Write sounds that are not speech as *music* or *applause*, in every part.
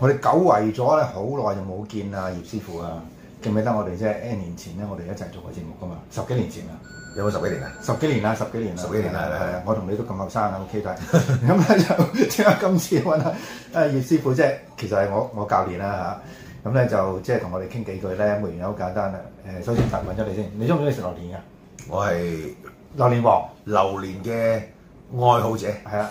我哋久違咗咧，好耐就冇見啦，葉師傅啊，記唔記得我哋即係？N 年前咧，我哋一齊做過節目噶嘛，十幾年前啦，有冇十幾年啊？十幾年啦，十幾年啦，十幾年啦，係啊！我同你都咁後生啊 *laughs* ，O.K. 咁咧就點解今次揾下啊葉師傅即係？其實係我我教練啦嚇，咁、嗯、咧就即係同我哋傾幾句咧，沒完又好簡單啦。誒，首先問問咗你先，你中唔中意食榴蓮㗎？我係榴蓮王，榴蓮嘅愛好者，係啊。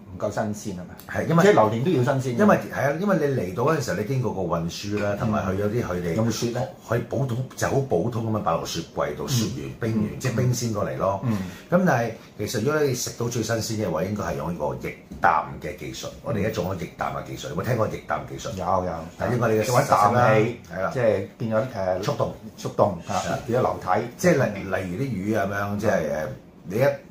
夠新鮮吖嘛？係，因為即係榴蓮都要新鮮。因為係啊，因為你嚟到嗰陣時候，你經過個運輸啦，同埋去咗啲佢哋。用雪咧，佢普通就好普通咁樣擺落雪櫃度，雪完冰完，即係冰鮮過嚟咯。咁但係其實如果你食到最新鮮嘅話，應該係用呢個液氮嘅技術。我哋而家做咗液氮嘅技術，有冇聽過液氮技術？有有。但係因為你嘅凍氣，係啦，即係變咗誒速凍、速凍，變咗流體。即係例例如啲魚咁樣，即係誒你一。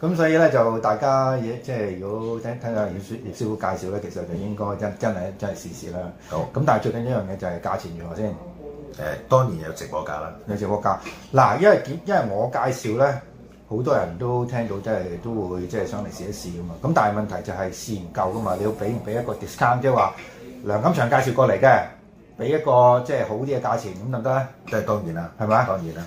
咁所以咧就大家嘢即係如果聽聽下葉師葉師傅介紹咧，其實就應該真真係真係試試啦。好。咁但係最緊一樣嘢就係價錢如何先？誒、欸、當然有直播價啦，有直播價。嗱，因為因為我介紹咧，好多人都聽到，即係都會即係上嚟試一試噶嘛。咁但係問題就係試唔夠噶嘛，你要俾唔俾一個 discount，即係話梁錦祥介紹過嚟嘅，俾一個即係好啲嘅價錢咁得唔得咧？即係當然啦，係咪吧？當然啦。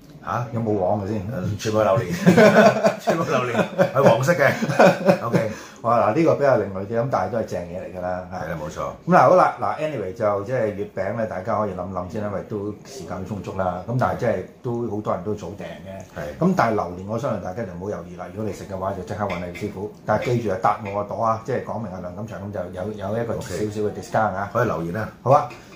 嚇有冇黃嘅先？全部榴蓮，全部榴蓮係黃色嘅。OK，哇嗱呢個比較另類啲，咁但係都係正嘢嚟㗎啦。係啦，冇錯。咁嗱好啦，嗱 anyway 就即係月餅咧，大家可以諗諗先，因為都時間都充足啦。咁但係即係都好多人都早訂嘅。係。咁但係榴蓮，我相信大家就唔好猶豫啦。如果你食嘅話，就即刻揾你師傅。但係記住啊，搭我個朵啊，即係講明阿梁錦祥咁就有有一個少少嘅 discount 啊，可以留言啊，好啊。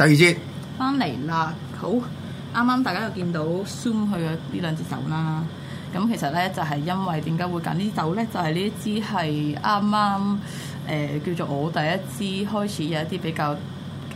第二支翻嚟啦，好啱啱大家又見到 *noise* Zoom 去咗呢兩支酒啦，咁其實咧就係、是、因為點解會揀呢啲酒咧？就係呢一支係啱啱誒叫做我第一支開始有一啲比較。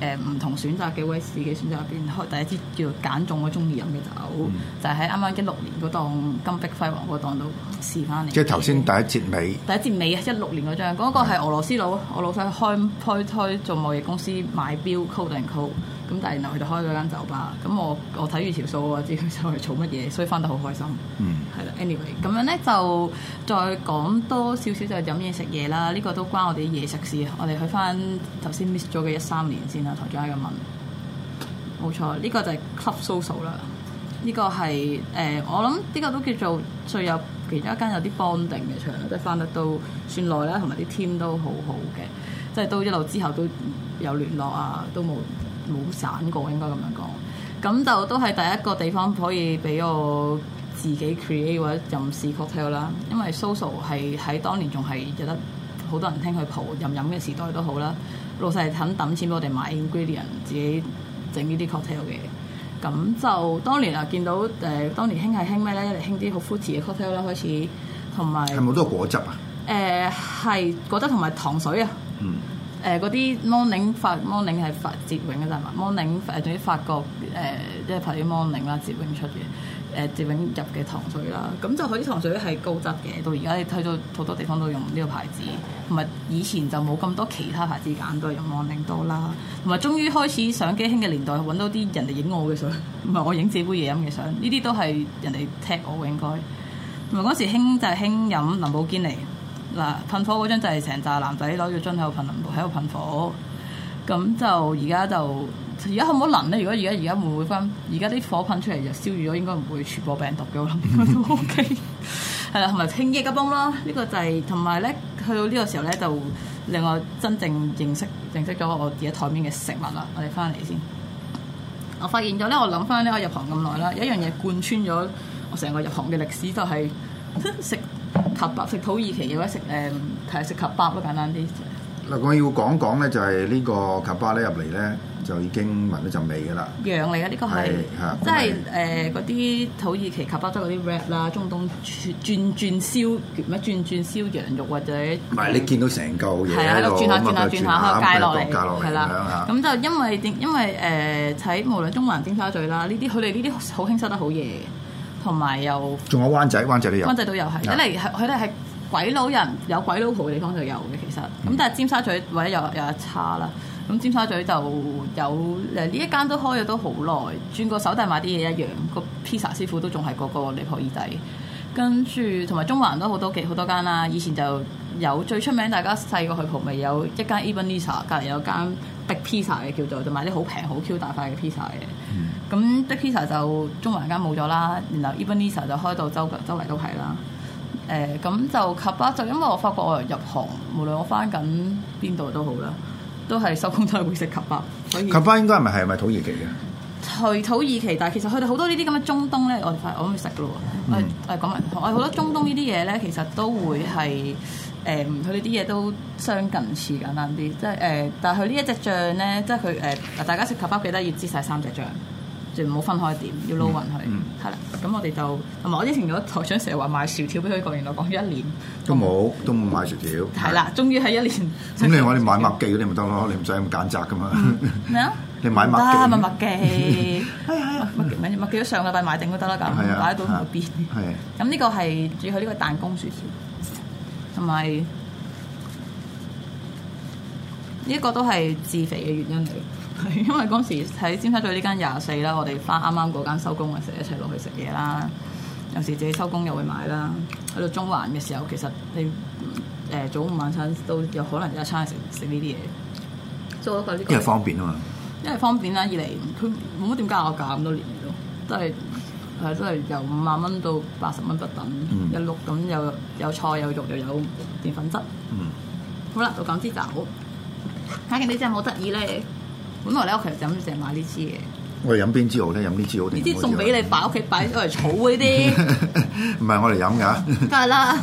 誒唔、呃、同選擇幾位自己選擇入邊，開第一支叫揀中我中意飲嘅酒，嗯、就係喺啱啱一六年嗰檔金碧輝煌嗰檔度試翻嚟。即係頭先第一節尾。第一節尾啊，一六年嗰張，嗰、嗰個係俄羅斯佬，是的 俄羅斯開開推做貿易公司買表 call 定 call 咁但係，然後佢就開咗間酒吧。咁我我睇住條數，我知佢走去做乜嘢，所以翻得好開心。嗯，係啦。Anyway，咁樣咧就再講多少少就飲嘢食嘢啦。呢個都關我哋啲嘢食事。我哋去翻頭先 miss 咗嘅一三年先啦。台長喺度問，冇錯，呢個就 club social 啦。呢個係誒、呃，我諗呢個都叫做最有其中一間有啲 bonding 嘅場，即係翻得都算耐啦，同埋啲 team 都好好嘅，即係都，都，都一路之後都有聯絡啊，都冇。冇散過應該咁樣講，咁就都係第一個地方可以俾我自己 create 或者任試 cocktail 啦。因為 Soso 係喺當年仲係有得好多人聽佢蒲，任飲嘅時代都好啦。老細肯抌錢俾我哋買 ingredient，自己整呢啲 cocktail 嘅。咁就當年啊，見到誒、呃、當年興係興咩咧？興啲好 f u 膚淺嘅 cocktail 啦，el, 開始同埋係好多果汁啊，誒係、呃、果汁同埋糖水啊。嗯。誒嗰啲、呃、Moning 法 Moning 係法捷永嘅大物，Moning r、呃、誒總之法國誒即係拍啲 Moning r 啦，捷、呃就是、永出嘅誒捷永入嘅糖水啦，咁就佢啲糖水係高質嘅，到而家你睇到好多地方都用呢個牌子，同埋以前就冇咁多其他牌子揀，都係用 Moning r 多啦，同埋終於開始上機興嘅年代，揾到啲人嚟影我嘅相，唔 *laughs* 係我影自己杯嘢飲嘅相，呢啲都係人嚟踢我應該，同埋嗰時興就係興，興飲林寶堅尼。嗱，噴火嗰張就係成紮男仔攞住樽喺度，噴淋喺度噴火。咁就而家就而家可唔可能咧？如果而家而家冇會分，而家啲火噴出嚟就燒完咗，應該唔會傳播病毒嘅。我諗都 OK。係啦， *laughs* *laughs* 同埋清潔嘅泵啦，呢個就係同埋咧，去到呢個時候咧，就令我真正認識認識咗我自己台面嘅食物啦。我哋翻嚟先。我發現咗咧，我諗翻呢我入行咁耐啦，有一樣嘢貫穿咗我成個入行嘅歷史，就係 *laughs* 食。卡巴，食土耳其嘅話食，誒睇下食及巴咯，簡單啲。嗱，我要講講咧，就係呢個及巴咧入嚟咧就已經聞到陣味㗎啦。羊嚟嘅。呢個係，即係誒嗰啲土耳其及巴得嗰啲 rap 啦，中東轉轉燒咩，轉轉燒羊肉或者。唔係你見到成嚿嘢喺度咁轉下轉下轉下街落嚟。係啦，咁就因為因為誒喺無論中環尖沙咀啦，呢啲佢哋呢啲好輕收得好嘢。同埋又，仲有灣仔，灣仔都有，灣仔都有。係的，一嚟係佢哋係鬼佬人，有鬼佬鋪嘅地方就有嘅其實。咁但係尖沙咀或者有有，有一叉啦，咁尖沙咀就有誒呢一間都開咗都好耐，轉個手但係買啲嘢一樣，個披薩師傅都仲係嗰個尼泊爾仔。跟住同埋中環都好多幾好多間啦，以前就有最出名，大家細個去蒲咪有一間 Evenisa，隔離有間 Big Pizza 嘅叫做，就賣啲好平好 Q 大塊嘅 pizza 嘅。咁、嗯、Big Pizza 就中環間冇咗啦，然後 Evenisa 就開到周周圍都係啦。誒、呃、咁就卡巴就因為我發覺我入行，無論我返緊邊度都好啦，都係收工都係會食卡巴。所以，卡巴應該唔係係咪土耳其嘅？去土耳其，但係其實去到好多呢啲咁嘅中東咧，我快我唔識噶咯喎。我、嗯、我，我講埋我哋好多中東，東呢啲嘢咧，其實都會係誒，佢呢啲嘢都相近似簡單啲，即係誒、呃。但係佢呢一隻醬咧，即係佢誒，大家食塔包記得要擠晒三隻醬。就唔好分開點，要撈勻佢，係啦。咁我哋就同埋我之前嗰台長成日話買薯條俾佢講，原來講咗一年都冇，都冇買薯條。係啦，終於係一年。咁你話你買麥記嗰啲咪得咯？你唔使咁揀擇噶嘛。咩啊？你買麥記。得啊，麥麥記。係係。麥記乜嘢麥記？上個禮拜買定都得啦，咁買到去邊？係。咁呢個係主要呢個彈弓薯條，同埋呢一個都係致肥嘅原因嚟。 *laughs* 因為嗰時喺尖沙咀呢間廿四啦，我哋翻啱啱嗰間收工嘅時，一齊落去食嘢啦。有時自己收工又會買啦。去、嗯、到中環嘅時候，其實你誒、呃、早午晚餐都有可能有一餐食食呢啲嘢。做咗快啲，因為方便啊嘛。因為方便啦，而嚟佢冇乜點加我價咁多年咯，都係係都係由五十蚊到八十蚊不等一碌咁，又、嗯、有，有，有菜有肉又有澱粉質。嗯。好啦，到講就好。睇下你真係好得意咧。 *laughs* *laughs* 本來咧，我其實就咁成日買呢支嘢。我哋飲邊支好咧？飲呢支好啲。呢啲送俾你擺屋企擺咗嚟草嗰啲。唔係我嚟飲嘅。得係啦。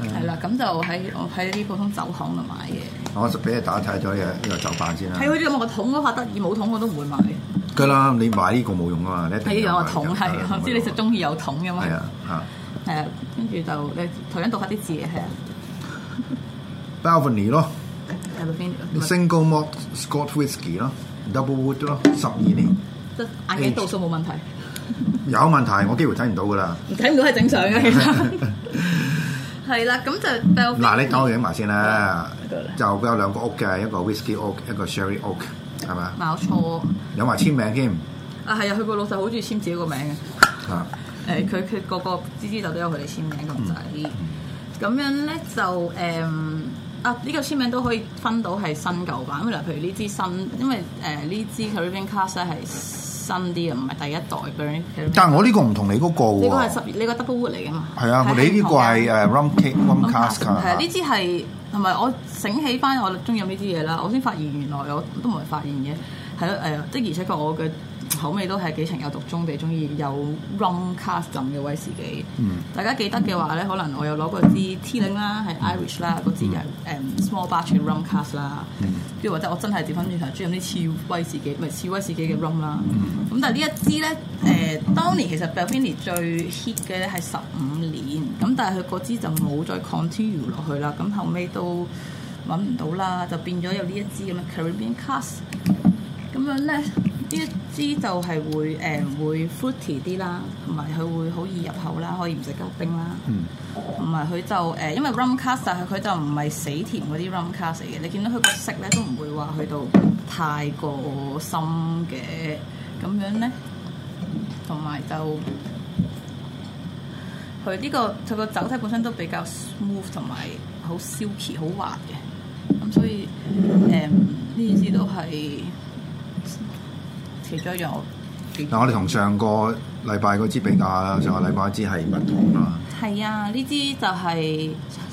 係啦，咁就喺我喺啲普通酒行度買嘢。嗯、 *laughs* 我就俾你打太咗嘢，呢個酒板先啦。睇佢咁，嗯、個桶都發得意，冇桶我都唔會買。梗係啦，你買呢個冇用啊嘛，你睇定有個桶係，即係你就中意有桶嘅嘛？係對啊啦，係啊，跟住就你塗一塗嗰啲字係。包份你咯。對啦對啦 Single malt Scotch whisky 咯，Double Wood 咯，十二年。眼鏡度數冇問題。有問題，我幾乎睇唔到噶啦。睇唔到係正常嘅，其實。係啦，咁就嗱，你等我影埋先啦。就佢有兩個屋嘅，一個 whisky oak，一個 sherry oak，係咪？冇錯。有埋簽名添。啊，係啊，佢個老細好中意簽自己個名嘅。啊。誒，佢佢個個支支就都有佢哋簽名咁滯。咁樣咧就誒。啊！呢、ah, 個簽名都可以分到係新舊版，因為例如呢支新，因為誒呢、呃、支 Caribbean Cask 咧係新啲啊，唔係第一代。但係我呢個唔同你嗰、那個呢、 *music* *music* 這個係十，呢、這個 double 嚟嘅嘛。係 *music* 啊，你呢個係誒 Rum Ca- Rum Cask 係啊，呢支係同埋我醒起翻我中意呢支嘢啦，我先發現原來我都唔係發現嘅，係咯誒，即、呃、而且確我嘅。口味都係幾情有獨鍾地中意有 rum cast 咁嘅威士忌。嗯，大家記得嘅話咧，可能我有攞過支 T 零啦，係 Irish 啦，個支有誒 small batch 嘅 rum cast 啦。跟住或者我真係調翻轉頭，中意啲超威士忌，唔係超威士忌嘅 rum 啦。咁但係呢一支咧，誒，當年其實 b o v i b n i 最 hit 嘅咧係十五年，咁但係佢嗰支就冇再 continue 落去啦。咁後尾都揾唔到啦，就變咗有呢一支咁樣 Caribbean cast。咁樣咧。呢一支就係會誒、呃、會 fruity 啲啦，同埋佢會好易入口啦，可以唔使加冰啦。嗯。同埋佢就誒、呃，因為 rum cask 但係佢就唔係死甜嗰啲 rum cask 嚟嘅。你見到佢個色咧都唔會話去到太過深嘅，咁樣咧，同埋就佢呢、呢個佢個酒體本身都比較 smooth，同埋好 silky 好滑嘅。咁所以誒呢支都係。除咗有，樣。嗱，我哋同上個禮拜嗰支比較、嗯、上個禮拜支係蜜糖啊嘛。係、嗯、啊，呢支就係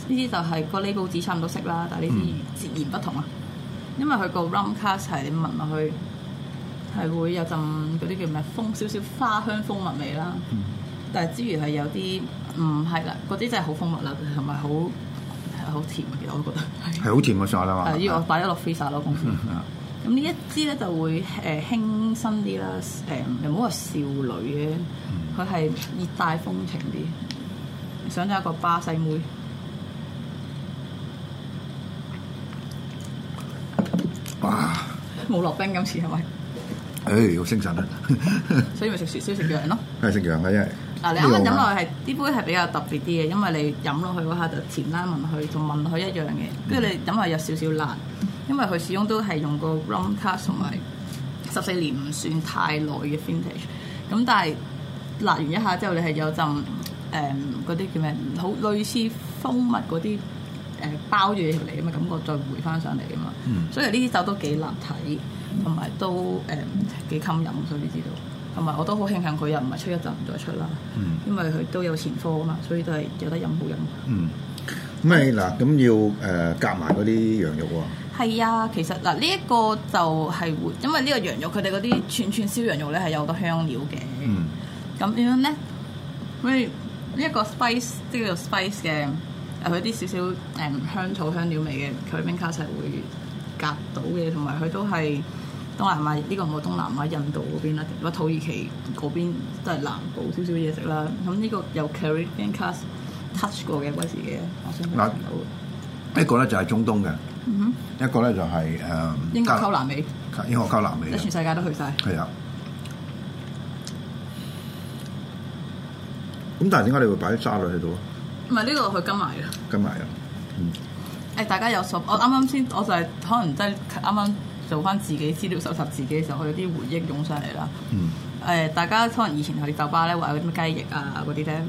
呢支就係個 label 紙差唔多色啦，但係呢支截然不同啊。因為佢個 rum cast 係聞落去係會有陣嗰啲叫咩風，少少花香風物、嗯嗯、蜂蜜味啦。但係之餘係有啲唔係㗎，嗰啲真係好蜂蜜啦，同埋好係好甜嘅我都覺得。係好甜嘅上下啦呢係要擺一落 face 咯，功夫。 *laughs* *laughs* 咁呢一支咧就會誒、呃、輕身啲啦，誒又唔好話少女嘅，佢係熱帶風情啲，想咗一個巴西妹。哇！冇落冰今次係咪？誒，好精、哎、神啊！ *laughs* 所以咪食雪少食羊咯。係食羊嘅，因為嗱、啊、你啱啱飲落去係啲杯係比較特別啲嘅，因為你飲落去嗰下就甜啦，聞去，同聞落去一樣嘅，跟住你飲落去有少少辣。嗯。因為佢始終都係用個 rum cask 同埋十四年唔算太耐嘅 vintage，咁但係辣完一下之後你，你係有陣誒嗰啲叫咩？好類似蜂蜜嗰啲誒包住嚟啊嘛，感覺再回翻上嚟啊嘛，所以呢啲酒都幾難睇，同埋都誒幾襟飲，所以你知道，同埋我都好慶幸佢又唔係出一陣唔再出啦，嗯、因為佢都有前科啊嘛，所以都係有得飲好飲。嗯，咁係嗱，咁要誒夾埋嗰啲羊肉喎。係啊，其實嗱呢一個就係會，因為呢個羊肉佢哋嗰啲串串燒羊肉咧係有好多香料嘅，咁點樣咧？所以呢、這個、ice, 個一個 spice 即叫做 spice 嘅，有佢啲少少誒、嗯、香草香料味嘅 curry and curry 會夾到嘅，同埋佢都係東南亞呢、這個冇東南亞印度嗰邊啦，如果土耳其嗰邊都係南部少少嘢食啦。咁、這、呢個有 curry and curry touch 過嘅嗰時嘅，我想講到。呢個咧就係中東嘅。嗯、一個咧就係、是、誒、嗯，英國溝南美，英國溝南美，全世界都去晒。係啊，咁但係點解你會擺啲沙律喺度啊？唔係呢個佢跟埋嘅，跟埋嘅，嗯。誒、欸，大家有熟，我啱啱先，我就係、是、可能即係啱啱做翻自己資料搜集自己嘅時候，佢有啲回憶湧上嚟啦。嗯。誒、欸，大家可能以前去啲酒吧咧，話有啲咩雞翼啊，嗰啲咧。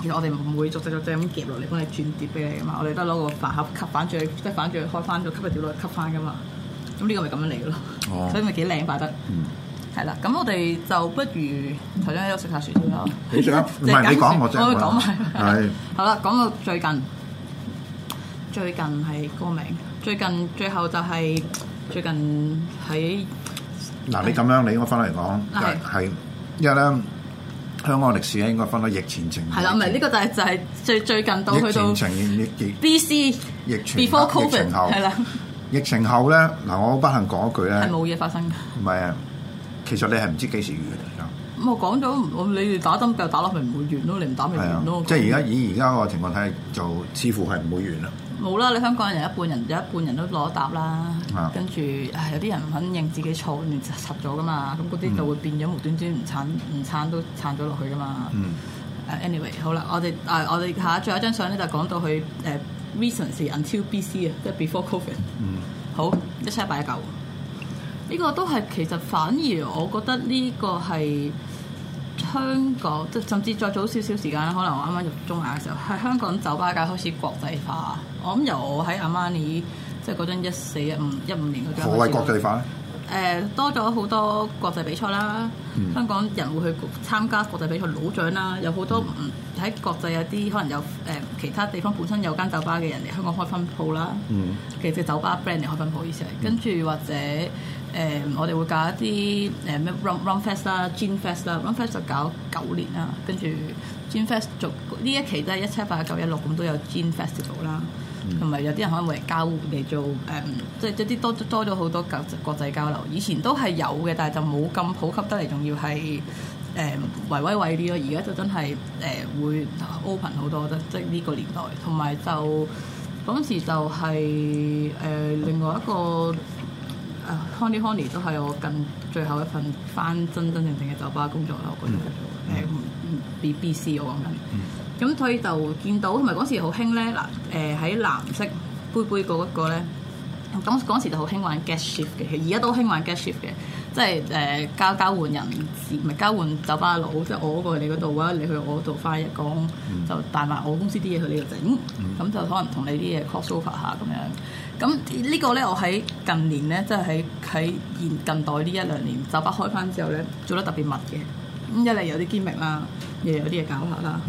其實我哋唔會逐隻逐隻咁夾落嚟幫你轉碟俾你㗎嘛，我哋都攞個飯盒吸反轉，即係反轉開翻咗，吸一條落去吸翻㗎嘛。咁呢個咪咁樣嚟咯，oh. 所以咪幾靚擺得。嗯，係啦，咁我哋就不如頭先喺度食下雪糕像。你想唔係你講，我再講。係的。 *laughs* 好啦，講到最近，最近係歌名，最近最後就係、是、最近喺嗱，哎、你咁樣你應該翻嚟講係、啊，因為咧。香港歷史咧應該分到疫前、疫情係啦，唔係呢個就係就係最最近到去到 B C 疫前、Before Covid、疫情後， *music* 疫情後咧嗱，我不幸講一句咧，係冇嘢發生嘅。唔係啊，其實你係唔知幾時完。咁 *music* 、嗯、我講咗，你哋打針繼續打落去唔會完咯，你唔打咪完咯。啊、即係而家以而家個情況睇，就似乎係唔會完啦。冇啦！你香港人一半人有一半人都攞答啦，Yeah. 跟住係有啲人唔肯認自己錯，亂插咗噶嘛。咁嗰啲就會變咗無端端唔撐唔撐都撐咗落去噶嘛。誒、mm. uh,，anyway，好啦，我哋誒、啊、我哋下，最後一張相咧就講到佢誒 recent until B.C. 即係 before COVID、mm. 好。好一七一八一九。呢、這個都係其實反而我覺得呢個係香港，即甚至再早少少時間啦。可能我啱啱入中大嘅時候，喺香港酒吧界開始國際化。我諗由我喺阿瑪尼，即係嗰陣一四一五一五年嗰張。所謂國際化咧？誒，多咗好多國際比賽啦。嗯、香港人會去參加國際比賽攞獎啦。有好多喺國際有啲可能有誒其他地方本身有間酒吧嘅人嚟香港開分鋪啦。嗯、其實酒吧 brand 嚟開分鋪，嗯、意思係跟住或者誒、嗯、我哋會搞一啲誒咩 run fest 啦，gin fest 啦，run fest 就搞九年啦。跟住 gin fest 做呢一期都係一七、八、九、一六咁都有 gin fest 做啦。同埋、嗯、有啲人可能為交嚟做誒，即係一啲多多咗好多個國際交流。以前都係有嘅，但係就冇咁普及得嚟，仲要係誒維維維啲咯。而、嗯、家就真係誒、呃、會 open 好多，即係呢個年代。同埋就嗰陣時就係、是、誒、呃、另外一個啊，Conny Conny 都係我近最後一份翻真真正正嘅酒吧工作啦，誒比 BBC 我講緊。嗯咁所以就見到同埋嗰時好興咧，嗱誒喺藍色杯杯嗰個嗰、嗰個咧，咁嗰時就好興玩 guest shift 嘅，而家都興玩 guest shift 嘅，即係誒交交換人，唔係交換酒吧佬，即係我嗰個你嗰度啊，你去我度翻一講就帶埋我公司啲嘢去呢度整，咁就可能同你啲嘢 cross over 下咁樣。咁呢、這個咧，我喺近年咧，即係喺喺現近代呢一兩年酒吧開翻之後咧，做得特別密嘅。咁一嚟有啲機密啦，又有啲嘢搞下啦。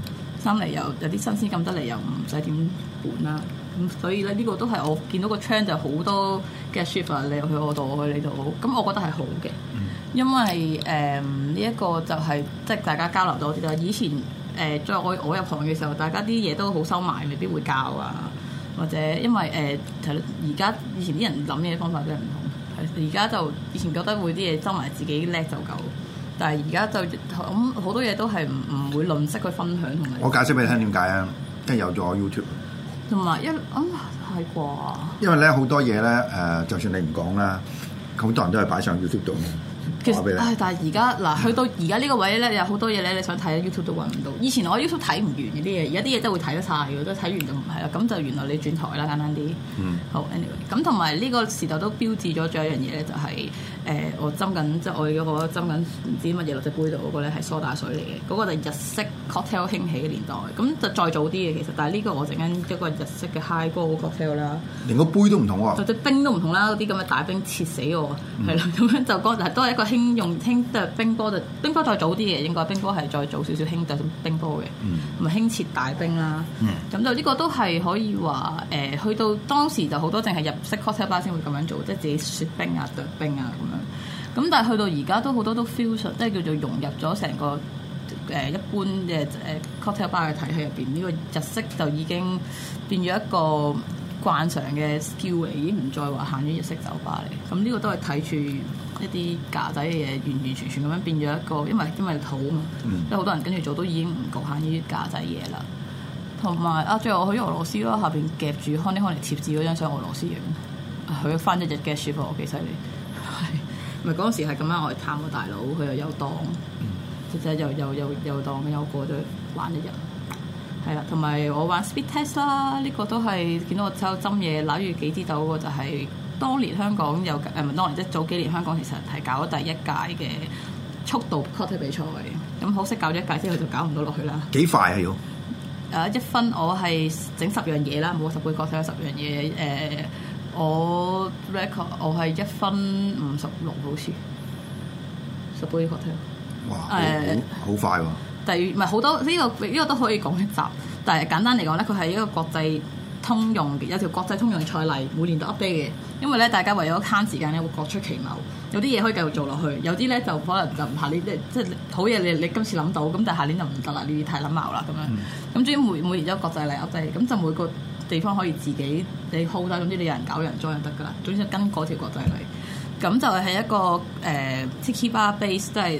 生嚟又，有啲新鮮感得嚟又唔使點管啦。咁所以咧，呢、呢個都係我見到個窗就好多嘅 shift。你又去我度，我去你度，咁我覺得係好嘅，因為誒呢一個就係、是、即係大家交流多啲啦。就是、以前誒在、呃、我我入行嘅時候，大家啲嘢都好收埋，未必會教啊。或者因為誒係咯，而、呃、家以前啲人諗嘢方法真係唔同。係而家就以前覺得會啲嘢收埋自己叻就夠。但係而家就咁，好多嘢都係唔唔會吝嗇去分享同你。我解釋俾你聽點解啊，因為有咗 YouTube，同埋一啱睇過。因為咧好多嘢咧誒，就算你唔講啦，好多人都係擺上 YouTube 度。其實，唉！但係而家嗱，去到而家呢個位咧，有好多嘢咧，你想睇 YouTube 都揾唔到。以前我 YouTube 睇唔完嘅啲嘢，而家啲嘢真係會睇得晒嘅，都睇完就唔係啦。咁就原來你轉台啦，簡單啲。嗯、好，anyway，咁同埋呢個時代都標誌咗，仲有一樣嘢咧，就係、是、誒、呃、我斟緊，即係我嗰、那個斟緊唔知乜嘢落隻杯度嗰個咧係梳打水嚟嘅。嗰、那個就日式 cocktail 興起嘅年代。咁就再早啲嘅其實，但係呢個我陣間一個日式嘅 highball cocktail 啦。連個杯都唔同喎。或者冰都唔同啦，啲咁嘅大冰切死我。係啦、嗯，咁樣就講，但都係一個用興剁冰波就冰波再早啲嘅應該，冰波係再早少少興剁冰波嘅，同埋興切大冰啦。咁就呢個都係可以話誒、呃，去到當時就好多淨係日式 cocktail bar 先會咁樣做，即係自己雪冰啊、剁冰啊咁樣。咁但係去到而家都好多都 fusion，即係叫做融入咗成個誒、呃、一般嘅誒 cocktail bar 嘅體系面、這個、入邊，呢個日式就已經變咗一個。慣常嘅 skill，已經唔再話限於日式酒吧嚟，咁、嗯、呢、這個都係睇住一啲架仔嘅嘢，完完全全咁樣變咗一個，因為因為土啊嘛，即係好多人跟住做都已經唔侷限於啲架仔嘢啦。同埋啊，最後我去咗俄羅斯咯，下邊夾住康尼康尼貼紙嗰張相，俄羅斯嘅，去咗翻一日嘅舒服，我幾犀利。唔係嗰時係咁樣，我哋探個大佬，佢又有當，即係、嗯、又又又又當，又過咗玩一日。係啦，同埋我玩 speed test 啦，呢個都係見到我抽針嘢，攬住幾支豆。個就係、是、當年香港有誒，唔係當年即係早幾年香港其實係搞咗第一屆嘅速度測試比賽。咁可惜搞咗一屆之後就搞唔到落去啦。幾快啊要？誒、uh, 一分我係整十樣嘢啦，冇十杯測試有十樣嘢誒，uh, 我 record 我係一分五十六好似，十杯測試。哇！好，好、uh, 好快喎、啊、～第二唔係好多呢、這個呢、這個都可以講一集，但係簡單嚟講咧，佢係一個國際通用嘅有條國際通用嘅賽例，每年都 update 嘅。因為咧，大家為咗慳時間咧，會各出奇謀，有啲嘢可以繼續做落去，有啲咧就可能就唔下年即即好嘢，你、就是、你，你今次諗到，咁但係下年就唔得啦，你啲太諗茅啦咁樣。咁至於每每年都國際例 update，咁就每個地方可以自己你鋪底，總之你有人搞有人裝就得噶啦。總之跟嗰條國際例，咁就係一個誒、呃、tiki bar base 即係。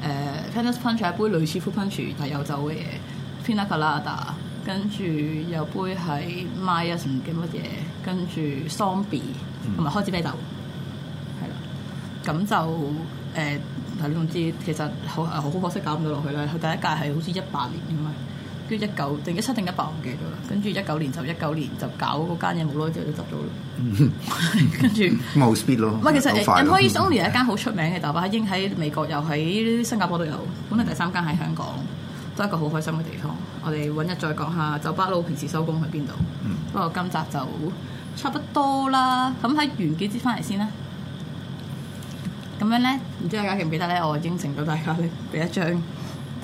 誒，Punch 一杯類似 fruit punch 但有酒嘅嘢，Pina Colada，跟住有杯喺 Myers 唔記得乜嘢，跟、hmm. 住 Zombie 同埋開支啤酒，係啦，咁、嗯、就誒，係、呃、總之其實好好可惜搞唔到落去啦，佢第一屆係好似一八年咁啊。跟一九定一七定一百，我唔記得啦。跟住一九年，年就一九年就搞嗰間嘢，冇耐之後就執咗啦。跟住咪好 speed 咯，唔係其實，因為 Employees Only 一間好出名嘅酒吧喺喺美國又喺新加坡都有，本嚟第三間喺香港，都係一個好開心嘅地方。我哋揾日再講下酒吧佬平時收工去邊度。 *laughs* 不過今集就差不多啦。咁喺完結翻嚟先啦。咁樣咧，唔知大家記唔記得咧，我應承咗大家咧，俾一張。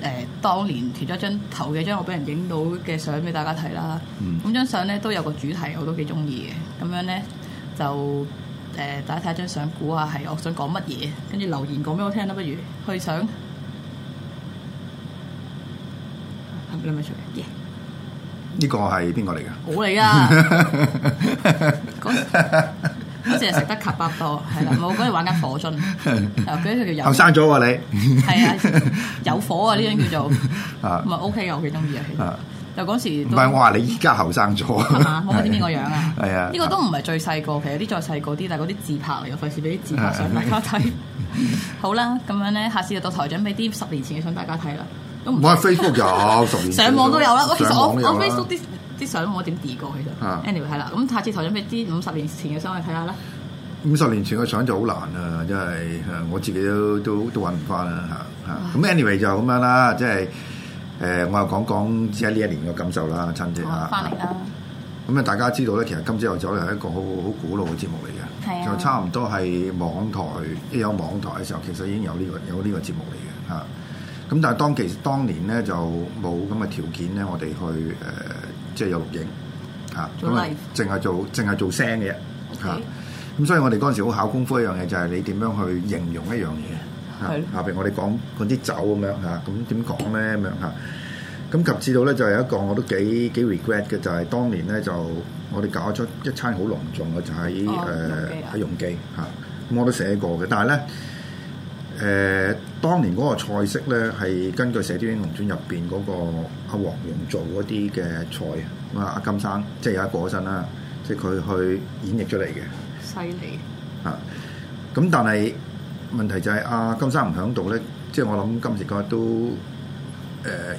誒、呃、當年攜咗張頭嘅張，我俾人影到嘅相俾大家睇啦。咁、嗯、張相咧都有個主題，我都幾中意嘅。咁樣咧就誒、呃，大家睇下張相，估下係我想講乜嘢，跟住留言講俾我聽啦。不如去想，係咪出嚟？呢個係邊個嚟噶？我嚟啊！嗰時係食得及百多，係啦，我嗰日玩緊火樽，嗰啲叫有火後生咗喎你，係啊，有火啊呢種叫做啊，唔係 OK 我幾中意啊，又嗰時唔係我話你而家後生咗啊嘛，我唔知邊個樣啊，係啊，呢個都唔係最細個，其實啲再細個啲，但係嗰啲自拍又費事俾啲自拍相大家睇，好啦，咁樣咧，下次就到台長俾啲十年前嘅相大家睇啦，都唔，我 Facebook 有，上網都有啦，上網都有。啲相我點調過其 anyway 係啦，咁、啊 anyway, 下次投影俾啲五十年前嘅相去睇下啦。五十年前嘅相就好難啊，因為我自己都都都揾唔翻啦嚇咁 anyway 就咁樣啦，即係誒、呃，我又講講只係呢一年嘅感受啦，親姐嚇。翻嚟、啊、啦。咁啊、嗯，大家知道咧，其實今朝有酒又係一個好好古老嘅節目嚟嘅，的就差唔多係網台一有網台嘅時候，其實已經有呢、這個有呢個節目嚟嘅嚇。咁、啊、但係當其時當年咧就冇咁嘅條件咧，我哋去誒。即係有錄影，嚇咁淨係做淨係做，做聲嘅啫，咁 Okay.、啊、所以我哋嗰陣時好考功夫一樣嘢，就係、是、你點樣去形容一樣嘢，嚇譬如我哋講嗰啲酒咁樣嚇，咁、啊、點講咧咁樣嚇，咁、啊、及至到咧就有一個我都幾幾 regret 嘅，就係、是、當年咧就我哋搞出一餐好隆重嘅，就喺誒阿容記嚇，咁我都寫過嘅，但係咧。誒、呃，當年嗰個菜式咧，係根據《射鵰英雄傳》入邊嗰個阿、啊、黃蓉做嗰啲嘅菜啊，啊，啊，阿金生即係而家過咗身啦，即係佢去演繹出嚟嘅，犀利害啊！咁但係問題就係阿、啊、金生唔響度咧，即係我諗今時今日都誒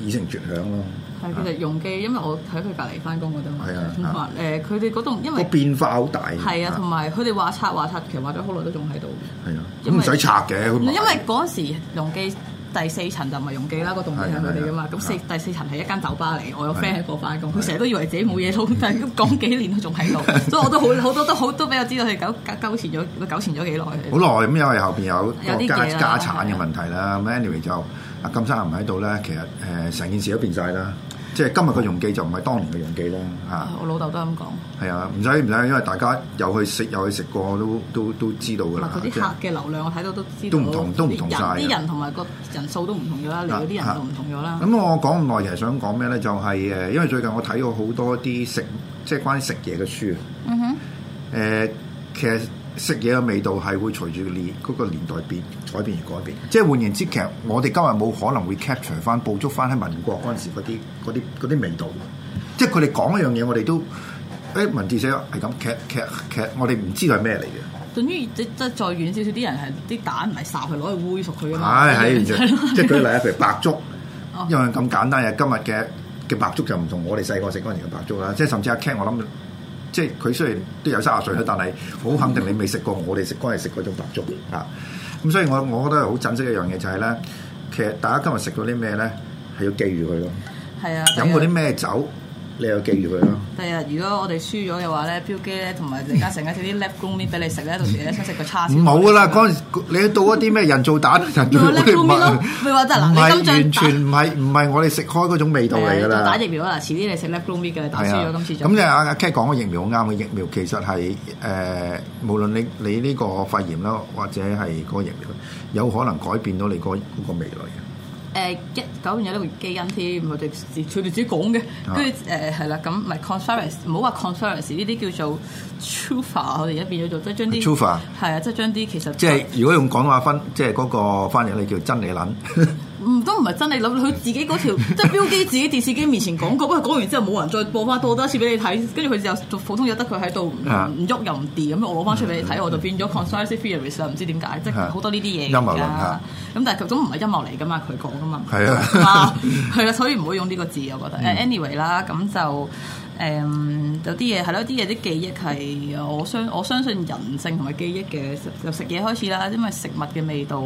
已、呃、成絕響咯。係其實容記，因為我喺佢隔離翻工嗰陣嘛。係啊，同埋誒佢哋嗰棟因為個變化好大。係啊，同埋佢哋話拆話拆，其實話咗好耐都仲喺度。係啊，咁唔使拆嘅。因為嗰時容記第四層就唔係容記啦，個棟係佢哋噶嘛。咁四第四層係一間酒吧嚟。我有 friend 喺嗰度翻工，佢成日都以為自己冇嘢好大，咁講幾年都仲喺度。所以我都好好多都好都比較知道佢糾糾纏咗，糾纏咗幾耐。好耐咁，因為後邊有啲家產嘅問題啦。咁 anyway 就阿金生唔喺度啦，其實誒成件事都變晒啦。即係今日嘅容記就唔係當年嘅容記啦，嚇、嗯！啊、我老豆都係咁講。係啊，唔使唔使，因為大家又去食又去食過，都都都知道㗎啦。嗰啲客嘅流量，我睇到都知。都唔同，都唔同曬。啲人同埋個人數都唔同咗啦，嚟嗰啲人又唔同咗啦。咁、啊啊嗯、我講咁耐，其實想講咩咧？就係、是、誒，因為最近我睇過好多啲食，即係關於食嘢嘅書啊。嗯哼。誒、呃，其實。食嘢嘅味道係會隨住年嗰個年代變改變而改變，即係換言之，其實我哋今日冇可能會 capture 翻捕捉翻喺民國嗰陣時嗰啲啲啲味道，即係佢哋講一樣嘢，我哋都誒、欸、文字寫係咁劇劇劇，我哋唔知佢係咩嚟嘅。等於即即再遠少少，啲人係啲蛋唔係殺佢攞去煨熟佢啊嘛。係係、哎，哎嗯、即係舉例譬如白粥，因為咁簡單嘅今日嘅嘅白粥就唔同我哋細個食嗰陣時嘅白粥啦。即係甚至阿 Ken，我諗。即係佢雖然都有三十歲啦，但係好肯定你未食過我哋食嗰係食嗰種白粥嘅啊！咁所以我我覺得係好珍惜一樣嘢，就係、是、咧，其實大家今日食咗啲咩咧，係要記住佢咯。係啊，飲過啲咩酒？你又記住佢咯？係啊，如果我哋輸咗嘅話咧，標機咧同埋成家成家整啲 lab grown 俾你食咧，到時你想食個叉燒冇啦！嗰陣時你到嗰啲咩人造蛋？唔係話真係，唔係完全唔係唔係我哋食開嗰種味道嚟㗎啦！打疫苗啦，遲啲你食 lab grown 㗎，到時輸咗今次就咁。即係阿 K 講嘅疫苗好啱嘅，疫苗其實係誒，無論你你呢個肺炎啦，或者係嗰個疫苗，有可能改變到你嗰嗰個味蕾嘅。誒一九年有呢個基因添，我哋佢哋自己講嘅，跟住誒係啦，咁唔係 conference，唔好話 conference 呢啲叫做 truffle，我哋而家變咗做即係將啲 truffle 係啊，即係將啲其實即係如果用廣東話分，即係嗰個翻譯你叫真理論。唔都唔係真，你諗佢自己嗰條即係標機自己電視機面前講過，不過講完之後冇人再播翻多多次俾你睇，跟住佢就普通又得佢喺度唔喐又唔掂。咁，我攞翻出俾你睇，我就變咗 conspiracy theories 唔知點解，即係好多呢啲嘢㗎。咁但係總唔係陰謀嚟㗎嘛，佢講㗎嘛。係啊，係啊，所以唔好用呢個字，我覺得。anyway 啦，咁就誒有啲嘢係咯，啲嘢啲記憶係我相我相信人性同埋記憶嘅，由食嘢開始啦，因為食物嘅味道。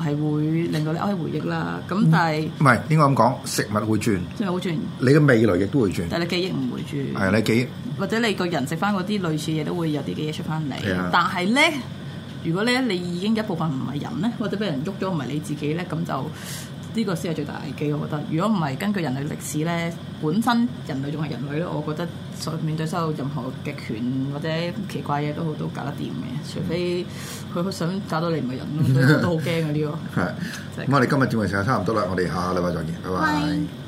係會令到你開起回憶啦，咁但係唔係應該咁講，食物會轉，即係好轉。你嘅味蕾亦都會轉，但係你記憶唔會轉。係你記憶，或者你個人食翻嗰啲類似嘢都會有啲記憶出翻嚟。的但係咧，如果咧你已經一部分唔係人咧，或者俾人喐咗唔係你自己咧，咁就。呢個先係最大危機，我覺得。如果唔係根據人類歷史咧，本身人類仲係人類咧，我覺得所面對收到任何嘅權或者奇怪嘢都好多搞得掂嘅。除非佢想找到你唔係人， *laughs* 都好驚嗰啲咯。係，咁我哋今日節目時間差唔多啦，我哋下禮拜再見，拜拜。